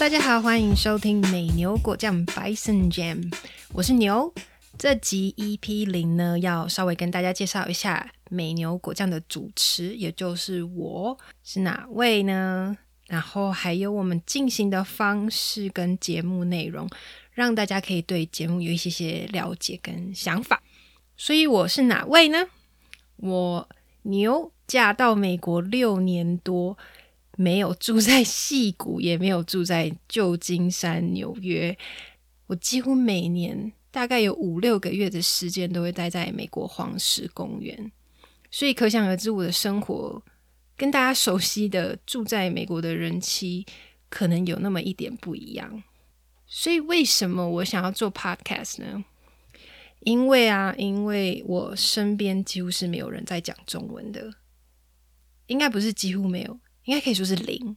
大家好，歡迎收聽美牛果醬 （Bison Jam），我是牛。這集 EP 0呢，要稍微跟大家介紹一下美牛果醬的主持，也就是我是哪位呢？然後還有我們進行的方式跟節目內容，讓大家可以對節目有一些些了解跟想法。所以我是哪位呢？我牛嫁到美國六年多。沒有住在矽谷，也沒有住在舊金山、紐約。我幾乎每年大概有五六個月的時間都會待在美國黃石公園，所以可想而知，我的生活跟大家熟悉的住在美國的人妻可能有那麼一點不一樣。所以，為什麼我想要做 podcast 呢？因為啊，因為我身邊幾乎是沒有人在講中文的，應該不是幾乎沒有。應該可以說是零，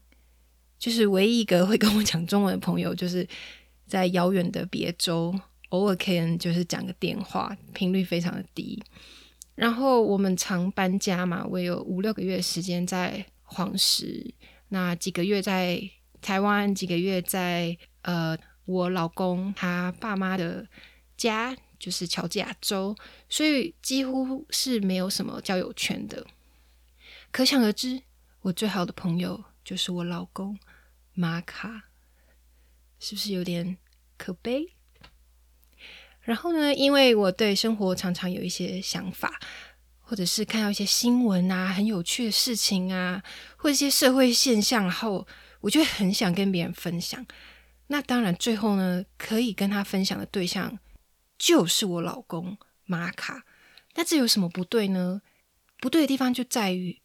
就是唯一一個會跟我講中文的朋友，就是在遙遠的別州，偶爾可以就是講個電話，頻率非常的低。然後我們常搬家嘛，我有五六個月時間在黃石，那幾個月在台灣，幾個月在呃我老公他爸媽的家，就是喬治亞州，所以幾乎是沒有什麼交友圈的，可想而知。我最好的朋友就是我老公馬卡，是不是有點可悲？然後呢，因為我對生活常常有一些想法，或者是看到一些新聞啊，很有趣的事情啊，或者一些社會現象後，然後我就會很想跟別人分享。那當然，最後呢，可以跟他分享的對象就是我老公馬卡。那這有什麼不對呢？不對的地方就在於。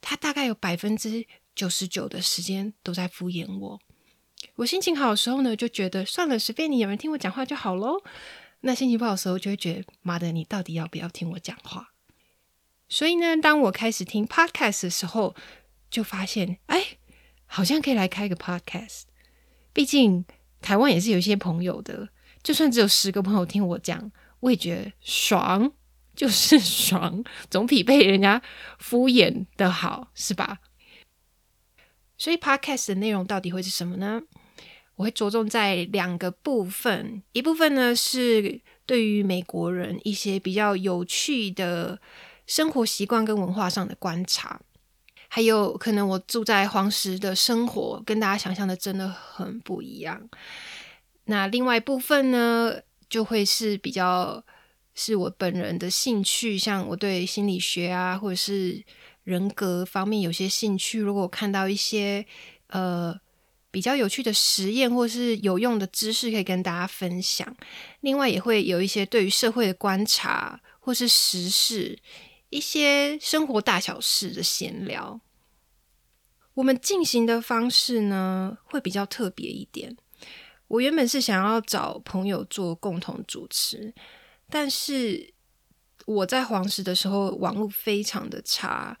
他大概有百分之九十九的時間都在敷衍我。我心情好的時候呢，就覺得算了十分，隨便你，有人聽我講話就好嘍。那心情不好的時候，就會覺得媽的，你到底要不要聽我講話？所以呢，當我開始聽 podcast 的時候，就發現，哎，好像可以來開個 podcast。畢竟台灣也是有一些朋友的，就算只有十個朋友聽我講，我也覺得爽。就是爽，總比被人家敷衍的好，是吧？所以 Podcast 的內容到底會是什麼呢？我會着重在兩個部分，一部分呢是對於美國人一些比較有趣的生活習慣跟文化上的觀察，還有可能我住在黃石的生活跟大家想象的真的很不一樣。那另外一部分呢，就會是比較是我本人的興趣，像我對心理學啊，或者是人格方面有些興趣。如果看到一些呃比較有趣的實驗，或是有用的知識，可以跟大家分享。另外，也會有一些對於社會的觀察，或是時事、一些生活大小事的閒聊。我們進行的方式呢，會比較特別一點。我原本是想要找朋友做共同主持。但是我在黃石的時候，網路非常的差。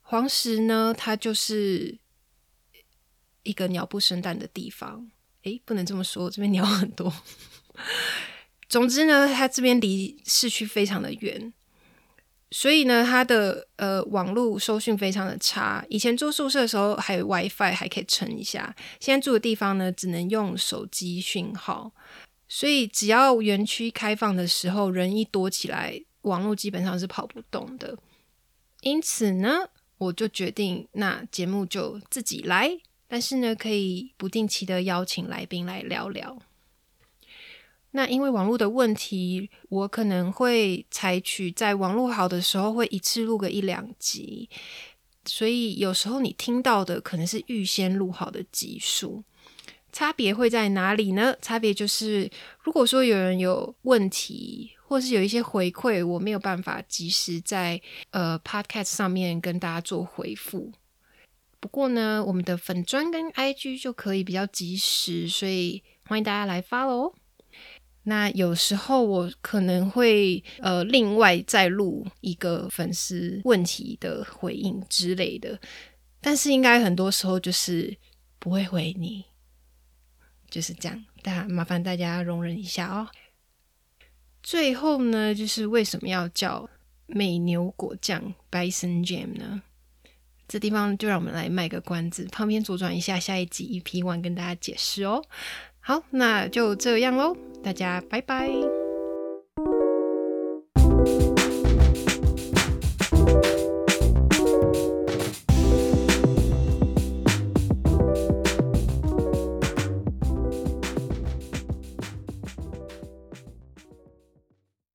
黃石呢，它就是一個鳥不生蛋的地方，哎，不能這麼說，這邊鳥很多。 總之呢，它這邊離市區非常的遠，所以呢，它的呃網路收訊非常的差。以前住宿舍的時候，還有 WiFi 還可以撐一下，現在住的地方呢，只能用手機訊號。所以，只要園區開放的時候，人一多起來，網絡基本上是跑不動的。因此呢，我就決定那節目就自己來，但是呢，可以不定期的邀請來賓來聊聊。那因為網絡的問題，我可能會採取在網絡好的時候會一次錄個一兩集，所以有時候你聽到的可能是預先錄好的集數。差別會在哪裡呢？差別就是，如果說有人有問題，或是有一些回饋，我沒有辦法及時在呃 Podcast 上面跟大家做回復。不過呢，我們的粉專跟 IG 就可以比較及時，所以歡迎大家來 follow。那有時候我可能會呃另外再錄一個粉絲問題的回應之類的，但是應該很多時候就是不會回你。就是這樣，大家麻煩大家容忍一下哦、喔。最後呢，就是為什麼要叫美牛果醬 （Bison Jam） 呢？這地方就讓我們來賣個關子，旁邊左轉一下，下一集 EP 1跟大家解釋哦、喔。好，那就這樣嘍，大家拜拜。